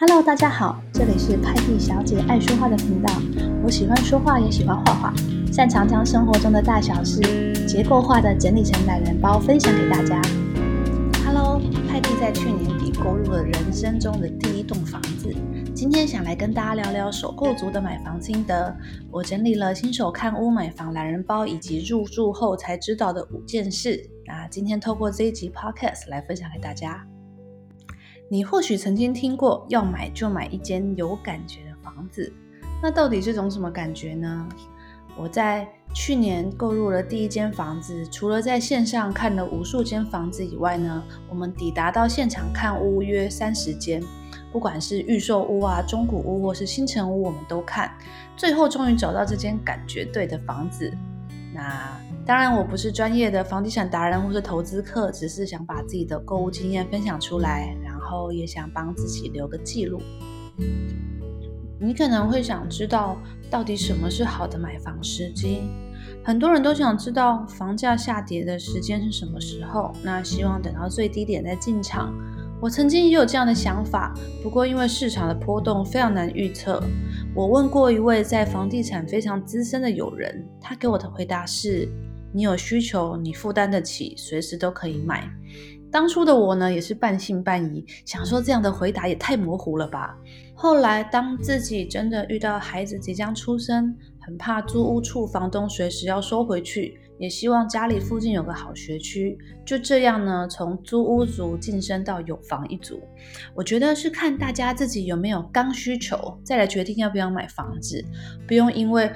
哈嘍，大家好，這裡是派蒂小姐愛說話的頻道。我喜歡說話，也喜歡畫畫，擅長將生活中的大小事結構化的整理成懶人包分享給大家。哈嘍，派蒂在去年底購入了人生中的第一棟房子，今天想來跟大家聊聊首購族的買房心得。我整理了新手看屋買房懶人包以及入住後才知道的五件事，那今天透過這一集 Podcast 來分享給大家。你或許曾經聽過“要買就買一間有感覺的房子”，那到底是種什麼感覺呢？我在去年購入了第一間房子，除了在線上看了無數間房子以外呢，我們抵達到現場看屋約三十間，不管是預售屋啊、中古屋或是新成屋，我們都看。最後終於找到這間感覺對的房子。那當然，我不是專業的房地產達人或是投資客，只是想把自己的購物經驗分享出來。後也想幫自己留個記錄。你可能會想知道，到底什麼是好的買房時機？很多人都想知道房價下跌的時間是什麼時候，那希望等到最低點再進場。我曾經也有這樣的想法，不過因為市場的波動非常難預測。我問過一位在房地產非常資深的友人，他給我的回答是：你有需求，你負擔得起，隨時都可以買。當初的我呢，也是半信半疑，想說這樣的回答也太模糊了吧。後來，當自己真的遇到孩子即將出生，很怕租屋處房東隨時要收回去，也希望家裡附近有個好學區。就這樣呢，從租屋族晉升到有房一族。我覺得是看大家自己有沒有剛需求，再來決定要不要買房子，不用因為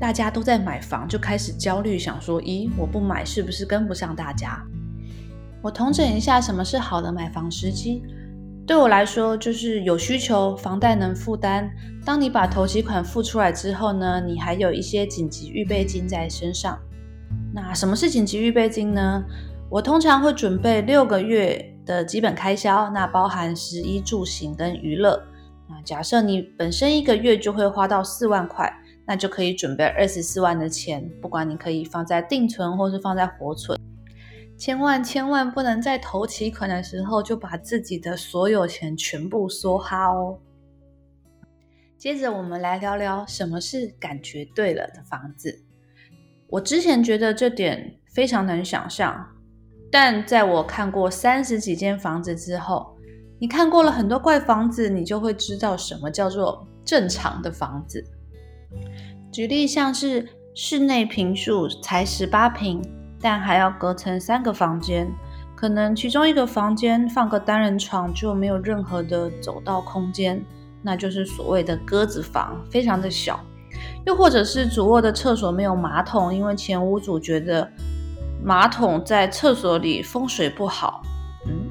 大家都在買房就開始焦慮，想說，咦，我不買是不是跟不上大家？我統整一下什麼是好的買房時機，對我來說就是有需求，房貸能負擔。當你把頭期款付出來之後呢，你還有一些緊急預備金在身上。那什麼是緊急預備金呢？我通常會準備六個月的基本開銷，那包含食衣住行跟娛樂。那假設你本身一個月就會花到四萬塊，那就可以準備二十四萬的錢，不管你可以放在定存或是放在活存。千萬千萬不能在頭期款的時候就把自己的所有錢全部梭哈哦。接着我們來聊聊什麼是感覺對了的房子。我之前覺得這點非常難想象，但在我看過三十幾間房子之後，你看過了很多怪房子，你就會知道什麼叫做正常的房子。舉例像是室內坪數才十八坪。但還要隔成三個房間，可能其中一個房間放個單人床就沒有任何的走道空間，那就是所謂的鴿子房，非常的小。又或者是主臥的廁所沒有馬桶，因為前屋主覺得馬桶在廁所裡風水不好。嗯，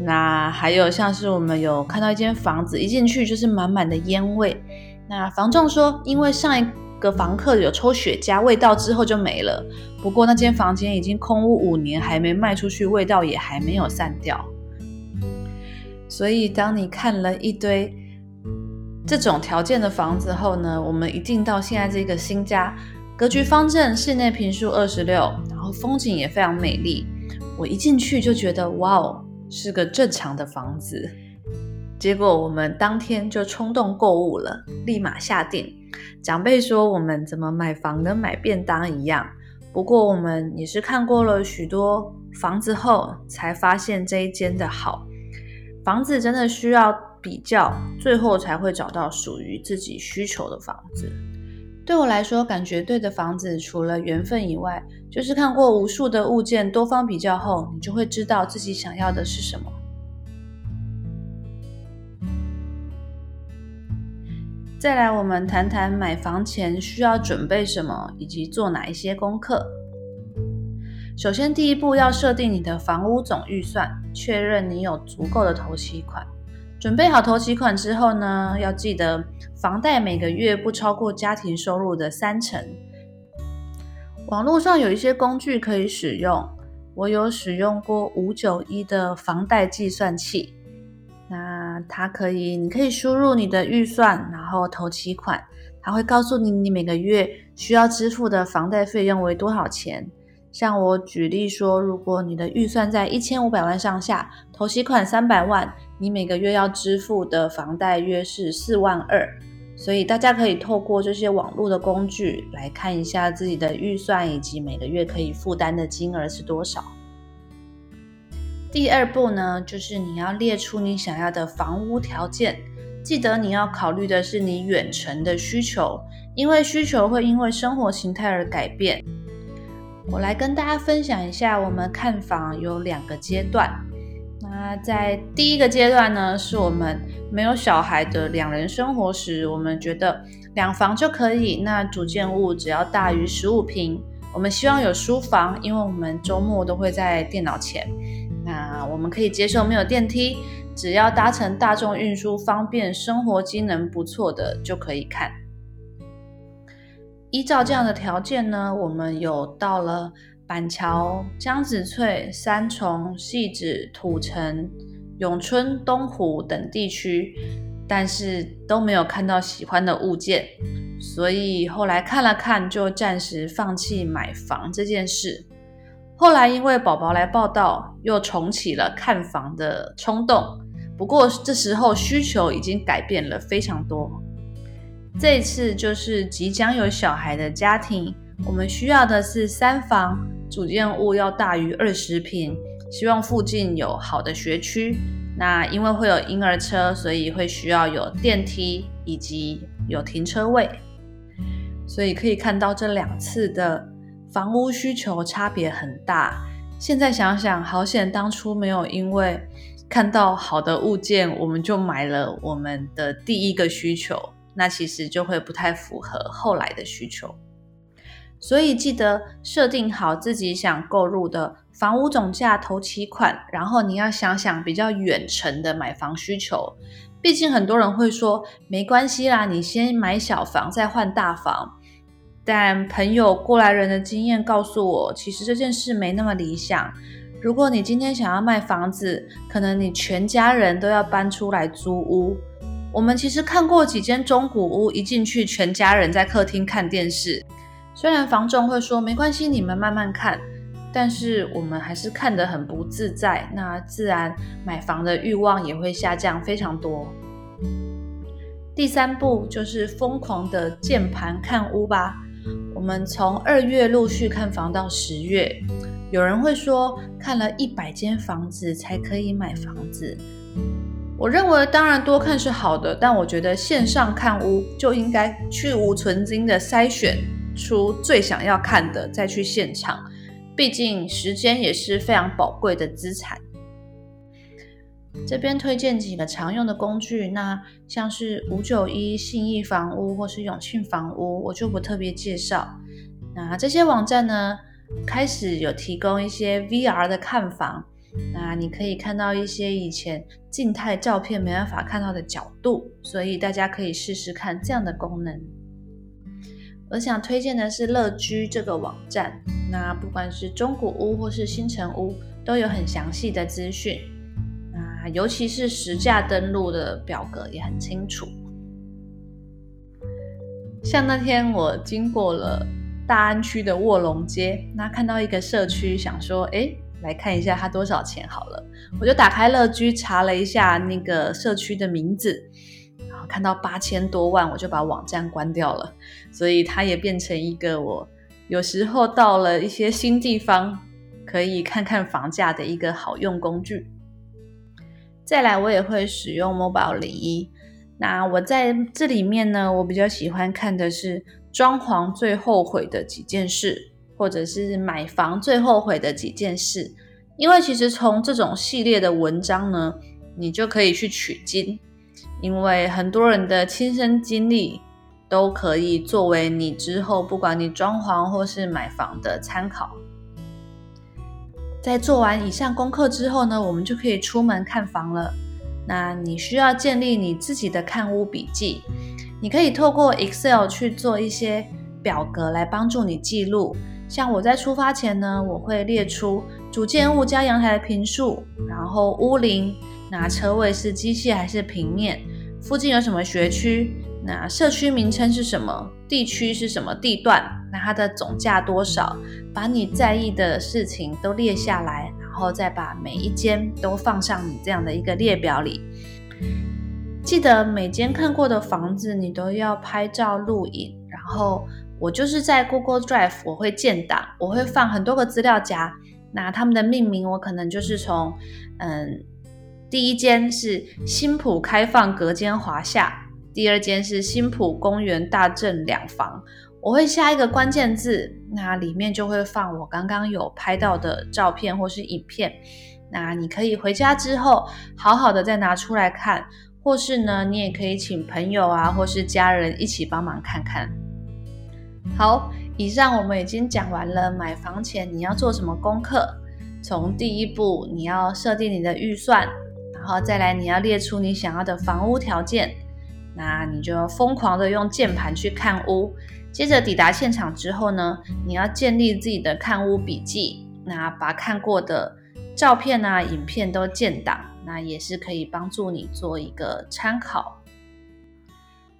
那還有像是我們有看到一間房子，一進去就是滿滿的烟味。那房仲說，因為上一個房客有抽雪茄，味道之後就沒了。不過那間房間已經空屋五年還沒賣出去，味道也還沒有散掉。所以當你看了一堆這種條件的房子後呢，我們一進到現在這個新家，格局方正，室內坪數二十六，然後風景也非常美麗。我一進去就覺得，哇哦，是個正常的房子。結果我們當天就衝動購物了，立馬下定。長輩說我們怎麼買房跟買便當一樣？不過我們也是看過了許多房子後，才發現這一間的好。房子真的需要比較，最後才會找到屬於自己需求的房子。對我來說，感覺對的房子除了緣分以外，就是看過無數的物件，多方比較後，你就會知道自己想要的是什麼。再來，我們談談買房前需要準備什麼，以及做哪一些功課。首先，第一步要設定你的房屋總預算，確認你有足夠的頭期款。準備好頭期款之後呢，要記得房貸每個月不超過家庭收入的三成。網絡上有一些工具可以使用，我有使用過591的房貸計算器。它可以，你可以輸入你的預算，然後頭期款，它會告訴你你每個月需要支付的房貸費用為多少錢。像我舉例說，如果你的預算在一千五百萬上下，頭期款三百萬，你每個月要支付的房貸約是四萬二。所以大家可以透過這些網絡的工具來看一下自己的預算以及每個月可以負擔的金額是多少。第二步呢，就是你要列出你想要的房屋條件。記得你要考慮的是你遠程的需求，因為需求會因為生活形態而改變。我來跟大家分享一下，我們看房有兩個階段。那在第一個階段呢，是我們沒有小孩的兩人生活時，我們覺得兩房就可以。那主建物只要大於十五平，我們希望有書房，因為我們周末都會在電腦前。我們可以接受沒有電梯，只要搭乘大眾運輸方便、生活機能不錯的就可以看。依照這樣的條件呢，我們有到了板橋、江子翠、三重、汐止、土城、永春、東湖等地區，但是都沒有看到喜歡的物件，所以後來看了看，就暫時放棄買房這件事。後來因為寶寶來報到，又重啟了看房的衝動。不過這時候需求已經改變了非常多。這一次就是即將有小孩的家庭，我們需要的是三房，主建物要大於二十平，希望附近有好的學區。那因為會有嬰兒車，所以會需要有電梯以及有停車位。所以可以看到這兩次的。房屋需求差別很大，現在想想，好險當初沒有因為看到好的物件我們就買了我們的第一個需求，那其實就會不太符合後來的需求。所以記得設定好自己想購入的房屋總價、頭期款，然後你要想想比較遠程的買房需求。畢竟很多人會說沒關係啦，你先買小房再換大房。但朋友過來人的經驗告訴我，其實這件事沒那麼理想。如果你今天想要賣房子，可能你全家人都要搬出來租屋。我們其實看過幾間中古屋，一進去全家人在客廳看電視。雖然房仲會說沒關係，你們慢慢看，但是我們還是看得很不自在。那自然買房的慾望也會下降非常多。第三步就是瘋狂的鍵盤看屋吧。我們從二月陸續看房到十月，有人會說看了一百間房子才可以買房子。我認為當然多看是好的，但我覺得線上看屋就應該去蕪存菁的篩選出最想要看的再去現場，畢竟時間也是非常寶貴的資產。這邊推薦幾個常用的工具，那像是591信義房屋或是永慶房屋，我就不特別介紹。那這些網站呢，開始有提供一些 VR 的看房，那你可以看到一些以前靜態照片沒辦法看到的角度，所以大家可以試試看這樣的功能。我想推薦的是樂居這個網站，那不管是中古屋或是新成屋，都有很詳細的資訊。啊，尤其是實價登錄的表格也很清楚。像那天我經過了大安區的臥龍街，那看到一個社區，想說，哎，來看一下它多少錢好了。我就打開樂居查了一下那個社區的名字，然後看到八千多萬，我就把網站關掉了。所以它也變成一個我有時候到了一些新地方可以看看房價的一個好用工具。再來，我也會使用 Mobile01。那我在這裡面呢，我比較喜歡看的是裝潢最後悔的幾件事，或者是買房最後悔的幾件事。因為其實從這種系列的文章呢，你就可以去取經，因為很多人的親身經歷都可以作為你之後，不管你裝潢或是買房的參考。在做完以上功課之後呢，我們就可以出門看房了。那你需要建立你自己的看屋筆記，你可以透過 Excel 去做一些表格來幫助你記錄。像我在出發前呢，我會列出主建物加陽台的坪數，然後屋齡，那車位是機械還是平面，附近有什麼學區，那社區名稱是什麼，地區是什麼地段，那它的總價多少。把你在意的事情都列下來，然後再把每一間都放上你這樣的一個列表裡。記得每間看過的房子你都要拍照錄影。然後我就是在 Google Drive 我會建檔，我會放很多個資料夾。那他們的命名我可能就是從，嗯，第一間是新埔開放隔間華夏，第二間是新埔公園大正兩房。我會下一個關鍵字，那裡面就會放我剛剛有拍到的照片或是影片。那你可以回家之後好好的再拿出來看，或是呢，你也可以請朋友啊或是家人一起幫忙看看。好，以上我們已經講完了買房前你要做什麼功課。從第一步，你要設定你的預算，然後再來你要列出你想要的房屋條件。那你就要瘋狂的用鍵盤去看屋。接着抵達現場之後呢，你要建立自己的看屋筆記，那把看過的照片啊、影片都建檔，那也是可以幫助你做一個參考。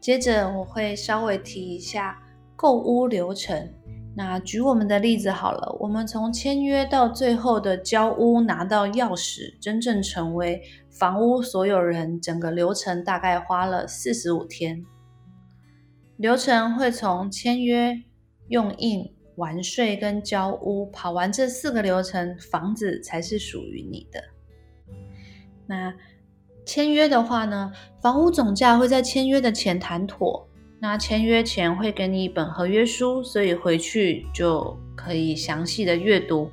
接着我會稍微提一下購屋流程。那舉我們的例子好了，我們從簽約到最後的交屋拿到鑰匙，真正成為房屋所有人，整個流程大概花了四十五天。流程會從簽約、用印、完稅跟交屋跑完這四個流程，房子才是屬於你的。那簽約的話呢，房屋總價會在簽約的前談妥。那簽約前會給你一本合約書，所以回去就可以詳細的閱讀。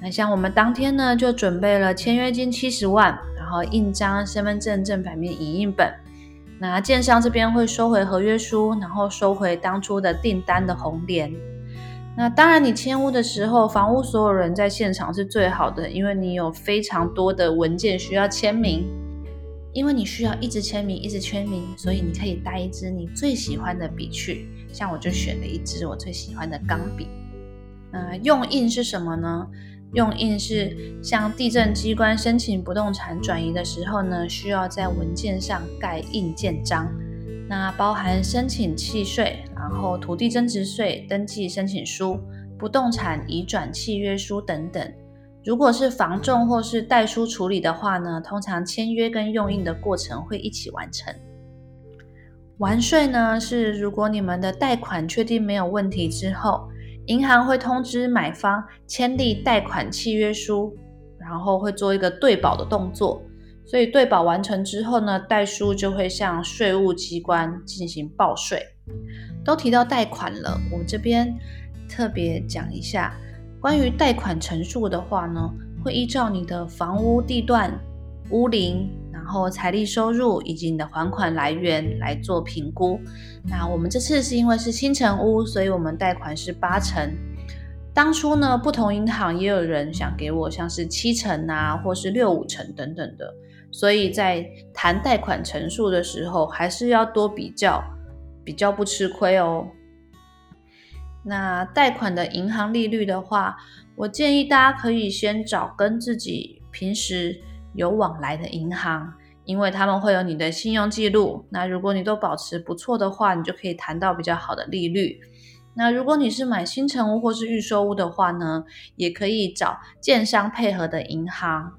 那像我們當天呢，就準備了簽約金七十萬，然後印章、身份證正反面影印本。那建商這邊會收回合約書，然後收回當初的訂單的紅聯。那當然，你簽屋的時候，房屋所有人在現場是最好的，因為你有非常多的文件需要簽名，因為你需要一直簽名，一直簽名，所以你可以帶一支你最喜歡的筆去。像我就選了一支我最喜歡的鋼筆。那用印是什麼呢？用印是向地政機關申請不動產轉移的時候呢，需要在文件上蓋印鑑章。那包含申請契稅，然後土地增值稅、登記申請書、不動產移轉契約書等等。如果是房仲或是代書處理的話呢，通常簽約跟用印的過程會一起完成。完稅呢是如果你們的貸款確定沒有問題之後。銀行會通知買方簽立貸款契約書，然後會做一個對保的動作。所以對保完成之後呢，代書就會向稅務機關進行報稅。都提到貸款了，我這邊特別講一下關於貸款成數的話呢，會依照你的房屋地段、屋齡。然後財力收入以及你的還款來源來做評估。那我們這次是因為是新成屋，所以我們貸款是八成。當初呢，不同銀行也有人想給我像是七成啊，或是六五成等等的。所以在談貸款成數的時候，還是要多比較，比較不吃虧哦。那貸款的銀行利率的話，我建議大家可以先找跟自己平時有往來的銀行，因為他們會有你的信用記錄。那如果你都保持不錯的話，你就可以談到比較好的利率。那如果你是買新成屋或是預售屋的話呢，也可以找建商配合的銀行。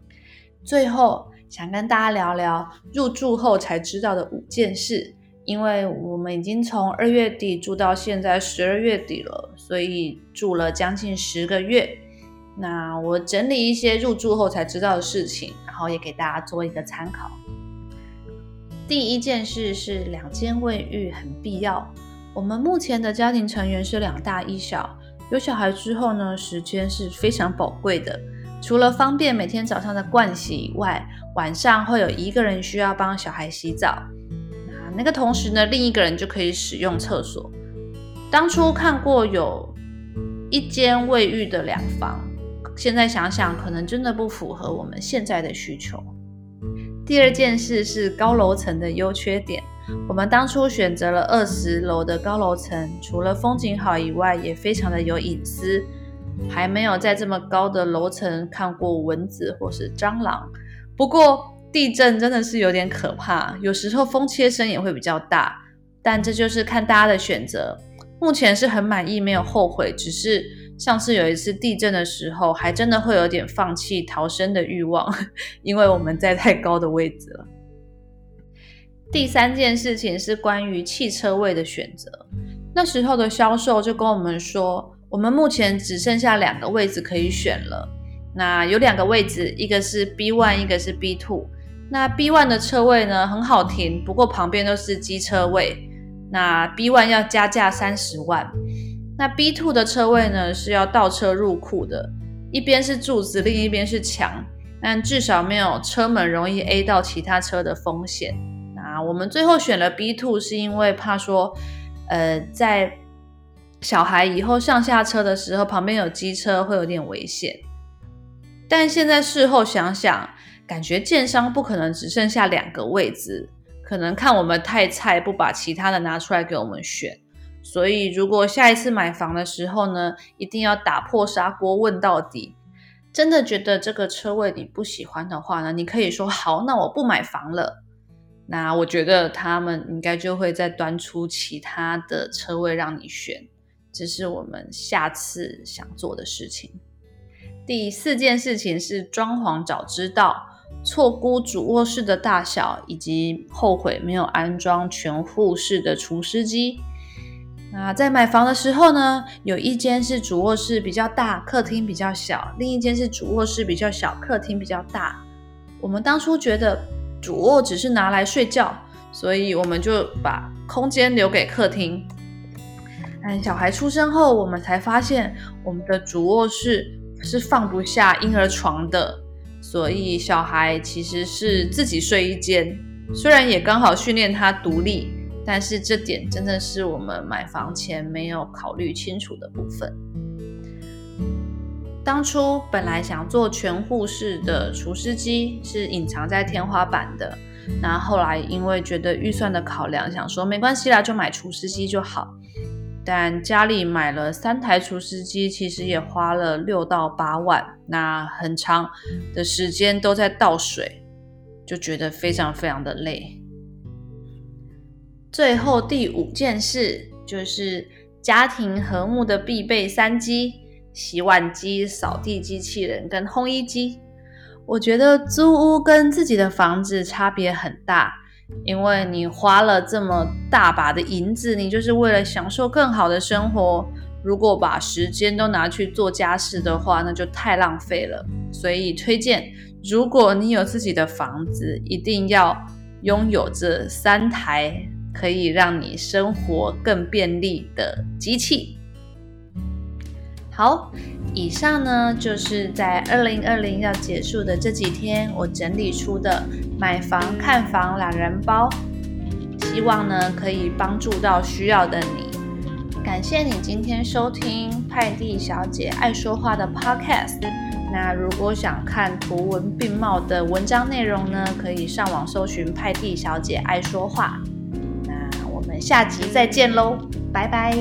最後，想跟大家聊聊入住後才知道的五件事，因為我們已經從二月底住到現在十二月底了，所以住了將近十個月。那我整理一些入住後才知道的事情，然後也給大家做一個參考。第一件事是兩間衛浴很必要。我們目前的家庭成員是兩大一小，有小孩之後呢，時間是非常寶貴的。除了方便每天早上的盥洗以外，晚上會有一個人需要幫小孩洗澡。那那個同時呢，另一個人就可以使用廁所。當初看過有一間衛浴的兩房。現在想想，可能真的不符合我們現在的需求。第二件事是高樓層的優缺點。我們當初選擇了二十樓的高樓層，除了風景好以外，也非常的有隱私，還沒有在這麼高的樓層看過蚊子或是蟑螂。不過地震真的是有點可怕，有時候風切聲也會比較大。但這就是看大家的選擇。目前是很滿意，沒有後悔，只是。上次有一次地震的時候，還真的會有點放棄逃生的欲望，因為我們在太高的位置了。第三件事情是關於汽車位的選擇。那時候的銷售就跟我們說，我們目前只剩下兩個位置可以選了。那有兩個位置，一個是 B1，一個是 B2。那 B1 的車位呢，很好停，不過旁邊都是機車位。那 B1 要加價三十萬。那 B two 的車位呢，是要倒車入庫的，一邊是柱子，另一邊是牆，但至少沒有車門容易 A 到其他車的風險。那我們最後選了 B two 是因為怕說，呃，在小孩以後上下車的時候，旁邊有機車會有點危險。但現在事後想想，感覺建商不可能只剩下兩個位置，可能看我們太菜，不把其他的拿出來給我們選。所以，如果下一次買房的時候呢，一定要打破砂鍋問到底。真的覺得這個車位你不喜歡的話呢，你可以說好，那我不買房了。那我覺得他們應該就會再端出其他的車位讓你選，這是我們下次想做的事情。第四件事情是裝潢早知道，錯估主臥室的大小，以及後悔沒有安裝全戶式的除濕機。那在買房的時候呢，有一間是主臥室比較大，客廳比較小；另一間是主臥室比較小，客廳比較大。我們當初覺得主臥只是拿來睡覺，所以我們就把空間留給客廳。嗯，小孩出生後，我們才發現我們的主臥室是放不下嬰兒床的，所以小孩其實是自己睡一間，雖然也剛好訓練他獨立。但是這點真的是我們買房前沒有考慮清楚的部分。當初本來想做全戶式的除濕機，是隱藏在天花板的。那後來因為覺得預算的考量，想說沒關係啦，就買除濕機就好。但家裡買了三台除濕機，其實也花了六到八萬。那很長的時間都在倒水，就覺得非常非常的累。最後第五件事就是家庭和睦的必備三機：洗碗機、掃地機器人跟烘衣機。我覺得租屋跟自己的房子差別很大，因為你花了這麼大把的銀子，你就是為了享受更好的生活。如果把時間都拿去做家事的話，那就太浪費了。所以推薦，如果你有自己的房子，一定要擁有這三台。可以讓你生活更便利的機器。好，以上呢，就是在二零二零要結束的這幾天，我整理出的買房看房懶人包，希望呢可以幫助到需要的你。感謝你今天收聽派蒂小姐愛說話的 Podcast。那如果想看圖文並茂的文章內容呢，可以上網搜尋派蒂小姐愛說話。下集再見嘍，拜拜。